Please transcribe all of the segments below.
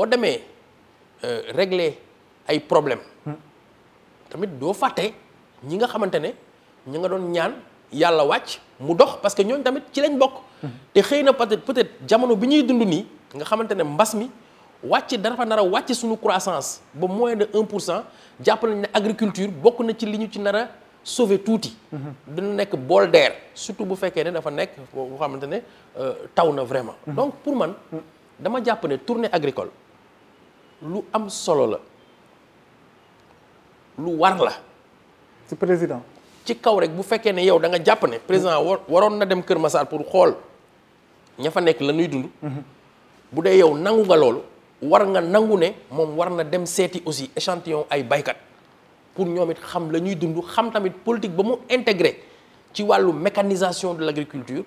boo demee euh, régler ay problème tamit doo fàtte ñi nga xamante ne ñi nga doon ñaan yàlla wàcc mu dox parce que ñooñu tamit ci lañ bokk. te xëy na peut-être peut-être jamono bi ñuy dund nii nga xamante ne mbas mi wàcc dafa nar a wàcc suñu croissance ba moins de un pour cent jàpp nañ ne agriculture bokk na ci li ñu ci nar a tuuti. dina nekk bol d'air surtout bu fekkee ne dafa nekk boo xamante ne euh, taw na vraiment. Mmh. donc pour man dama jàpp ne tournée agricole. lu am solo la lu war la. ci président. ci kaw rek bu fekkee ne yow da nga jàpp ne président waroon na dem Kër masaal pour xool ña fa nekk la ñuy dund. Mm-hmm. bu dee yow nangu nga loolu war nga nangu ne moom war na dem seeti aussi échantillon ay baykat pour ñoom it xam la ñuy dund xam tamit politique ba mu intégré ci wàllu mécanisation de l'agriculture.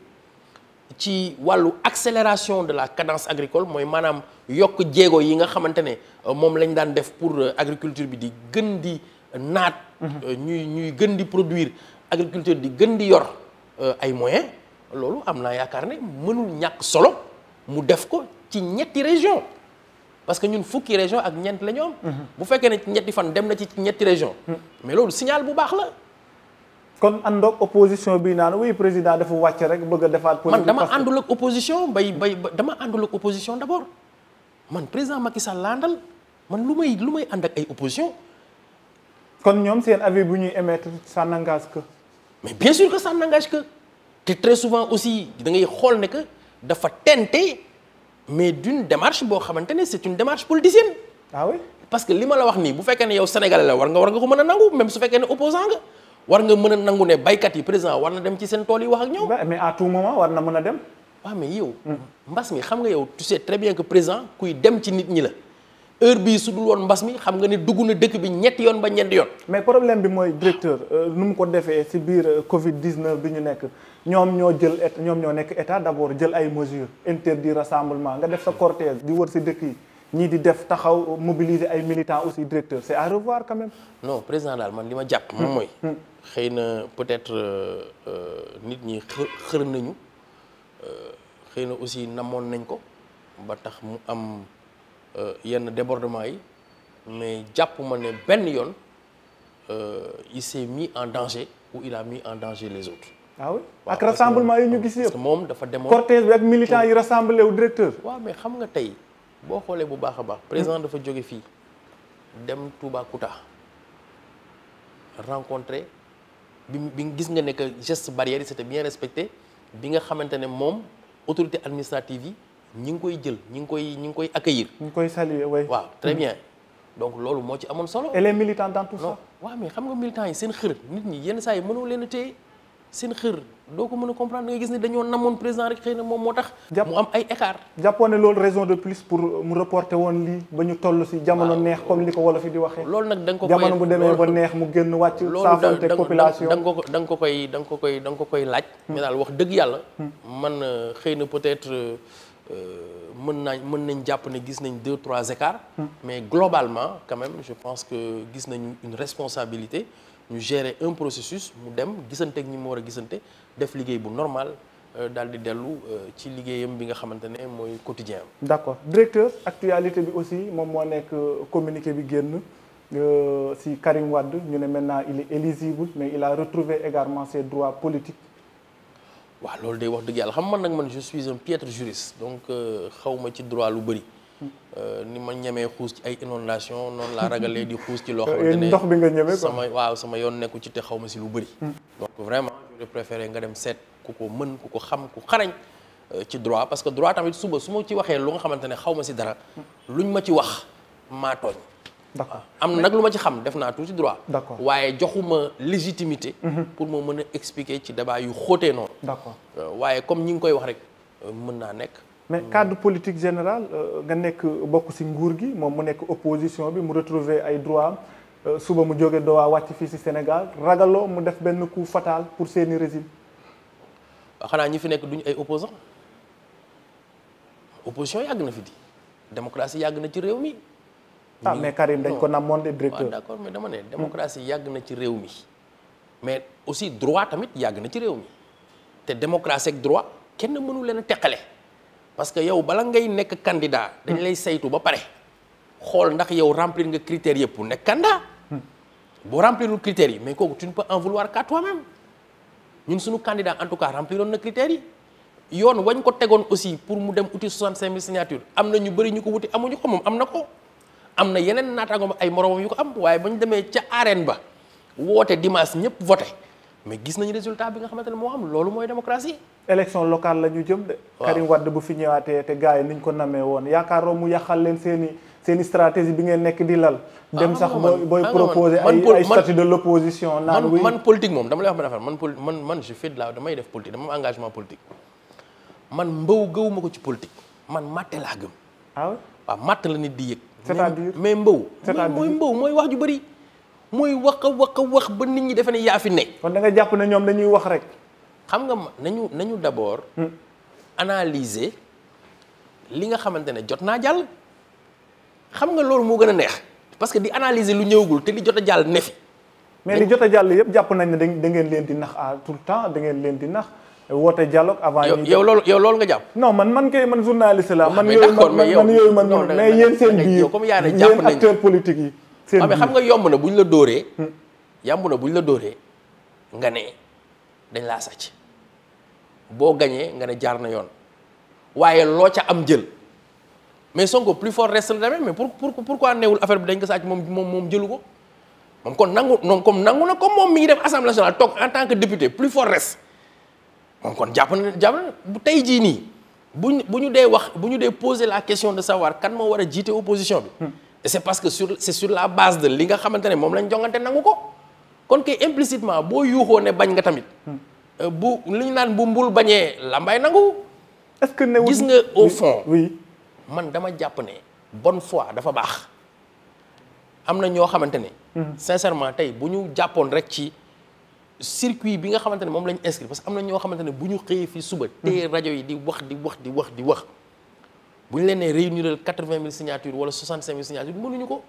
ci wàllu accélération de la cadence agricole mooy maanaam yokk jéego yi nga xamante ne euh, moom lañ daan def pour euh, agriculture bi di gën di naat. Mhm. Euh, ñuy ñuy gën di produire agriculture di gën di yor ay moyens loolu am naa yaakaar ne mënul ñàkk solo mu def ko ci ñetti région parce que ñun fukki région ak ñeent la am. Mhm. bu fekkee ne ci ñetti fan dem na ci ci ñetti région mhm. mais loolu signal bu baax la. kon àndoog opposition bii naan oui président dafa wàcc rek bëgg a defaat. man dama àndul ak opposition bay bay dama àndul ak opposition d' abord man président Macky Sall laa àndal man lu may lu may ànd ay opposition. kon ñoom seen avis bu ñuy émettre ça mais bien sûr que ça n'engage te très souvent aussi da ngay xool ne dafa tente mais d'une démarche boo xamante ne c'est une démarche politicienne. ah parce que li ma la wax nii bu fekkee ne yow sénégalais la war nga war nga ko mën a nangu même su fekkee ne opposant nga. war nga mën a nangu ne baykat yi président war na dem ci seen tool yi wax ak ñoom. mais à tout moment war na mën a dem. waaw mais yow. Hmm. mbas mi xam nga yow tu sais président kuy dem ci nit ñi la heure bii su dul woon mbas mi xam nga ne dugg na dëkk bi ñetti yoon ba ñeenti yoon. mais problème bi mooy directeur euh, nu mu ko defee ci biir euh, Covid 19 bi ñu nekk ñoom ñoo jël ñoom ñoo nekk état d'abord jël ay mesures interdit rassemblement nga def sa cortège di wër ci dëkk yi. ñii di def taxaw mobiliser ay militants aussi directeur c'est à revoir quand même. non président daal man li ma jàpp. moom mooy. Hmm. xëy na peut-être euh, euh, nit ñi xër nañu euh, xëy na aussi namoon nañ ko ba tax mu am yenn débordement yi mais jàpp ma ne benn yoon il s'est mis en danger ou a mis en danger les autres. ah oui ak rassemblement yi ñu gis yëpp. moom dafa demoon cortège bi ak militants yi rassemblé wu directeur. waaw mais xam nga tey. boo xoolee bu baax a baax président dafa jóge fii dem Toubacouta rencontré bi bi gis nga ne que geste barrière yi c'était bien respecté bi nga xamante ne moom autorité administrative yi ñi ngi koy jël ñi ngi koy ñi ngi koy accueillir. ñi ngi koy saluer way waaw très mm-hmm. bien donc loolu moo ci amoon solo. et les militants dans tout ça. waaw mais xam nga militants yi seen xër nit ñi yenn saa yi mënoo leen a téye. seen xër doo ko mën a comprendre da nga gis ni dañoo namoon président rek xëy na moom moo tax. mu am ay écart. jàppoon ne loolu raison de plus pour mu reporter woon lii ba ñu toll si jamono neex comme li ko wolof yi di waxee. loolu nag da nga ko koy jamono bu demee ba neex mu génn wàcc. saafante population da nga ko koy da ko koy da ko koy laaj. Hmm. mais daal wax dëgg yàlla. Hmm. man euh, xëy na peut-être euh, euh, mën naa mën nañ jàpp ne gis nañ deux trois écarts. Hmm. mais globalement quand même je pense que gis nañu une responsabilité. ñu gérer un processus mu dem gisante ak ñi mu war a gisante def liggéey bu normal euh, daal di dellu euh, ci liggéeyam bi nga xamante ne mooy quotidien am. d'accord directeur actualité bi aussi moom moo nekk euh, communiqué bi génn si Karim Wade ñu ne maintenant il est éligible mais il a retrouvé également ses droits politiques. waaw loolu day wax dëgg yàlla xam man nag man je suis un piètre juriste donc xaw ci droit lu bëri. Euh, ni ma ñemee xuus ci ay inondation noonu laa ragalee di xuus ci loo eh, xamante ne ndox bi nga ñeme sama waaw sama yoon nekku ci te xaw ma si lu bëri hmm. donc vraiment j'aurais préféré nga dem seet ku ko mën ku ko xam ku xarañ euh, ci droit parce que droit tamit suba su ma ci waxee lu nga xamante ne ma si dara hmm. luñ ma ci wax maa tooñ d'accord ah, am na nag lu ma ci xam def naa tuuti droit. waaye joxuma légitimité. Hmm. pour ma mën a expliquer ci débat yu xóotee noonu. Euh, waaye comme ñi ngi koy wax rek mën mais mm. cadre politique général euh, nga nekk bokk ci nguur gi moom mu nekk opposition bi mu retrouver ay droit am euh, suba mu jóge dowaa wàcc fii ci Sénégal ragaloo mu def benn coup fatal pour seeni régime ah, xanaa ñi fi nekk duñu ay opposant opposition yàgg na fi di démocratie yàgg na ci réew mi ah mais Karim dañ ko namoon de ah, directeur d'accord mais dama ne hmm. démocratie yàgg na ci réew mi mais aussi droit tamit yàgg na ci réew mi te démocratie ak droit kenn mënu leen a teqale parce que yow bala ngay nekk candidat dañ lay saytu ba pare xool ndax yow remplir nga critères yëpp pour nekk candidat boo remplirul critères yi mais kooku tu ne peux en vouloir qu'à ñun suñu candidat en tout cas rempliroon na critères yi yoon wañ ko tegoon aussi pour mu dem uti 65000 signatures am na ñu bëri ñu ko wuti amuñu ko moom am na ko am na yeneen naataangoom ay moromam yu ko am waaye ba ñu demee ca arène ba woote dimanche ñëpp voté mais gis nañu résultat bi nga xamante ne moo am loolu mooy démocratie. élection locale la ñu jëm de. Karim Wade bu fi ñëwaatee te gars yi ni ñu ko namee woon yaakaaroo mu yàqal leen seen i seen stratégie bi ngeen nekk di lal. Ah, dem sax booy booy ah, proposer ay ay statut de l' opposition. naan oui man politique moom dama lay wax benn affaire man poli man man je fais de damay def politique dama engagement politique man mbaw gëwuma ko ci politique man matte laa gëm. ah waaw matt la nit di yëg. c'est-à-dire mais mbaw. c'est-à-dire mooy mooy wax ju bëri. mooy wax a wax wax ba nit ñi defe ne yaa fi ne. kon da nga jàpp na ñoom dañuy wax rek. xam nga nañu nañu d'abord. Hmm. analyser li nga xamante ne jot naa jàll. xam nga loolu moo gën a neex parce que di analyser lu ñëwagul te li jot a jàll ne fi. mais li jot a jàll yëpp jàpp nañ ne da leen di nax à tout le temps da ngeen leen di nax. woote dialogue avant. yow loolu yow loolu nga jàpp. non man man kay man journaliste la man yooyu man man yooyu man mais yéen seen biir yéen acteur politique yi. waaw mais xam nga yomb na ñu la dóoree. Hmm. yomb na ñu la dóoree nga ne dañ laa sàcc boo gañee nga ne jaar na yoon waaye loo ca am jël mais Sonko plus fort reste la demee mais pour pour pourquoi neewul affaire bi dañ ko sàcc moom moom jëlu ko moom kon nangu moom comme nangu na comme moom mi ngi def assemblée nationale toog en tant que député plus fort reste moom kon jàpp na jàpp na bu tey jii nii bu ñu bu ñu dee wax bu ñu dee poser la question de savoir kan moo war a jiite opposition bi. Hmm. et c'est parce que sur c'est sur la base de li nga xamante ne moom lañ jongante nangu ko kon kay implicitement boo yuuxoo ne bañ nga tamit euh, bu li ñu naan bu mbul bañee lambay nangu. est-ce que newul gis nga au fond oui man dama jàpp ne bon fois dafa baax am na ñoo xamante ne. Hmm. sincèrement tey bu ñu jàppoon rek ci. circuit bi nga xamante ne moom lañ inscrit parce am na ñoo xamante ne bu ñu xëyee fii suba. te rajo yi di wax di wax di wax di wax. bu ñu leen nee réunir quatre vingt mille signatures wala soixante cinq mille signatures mënuñu ko.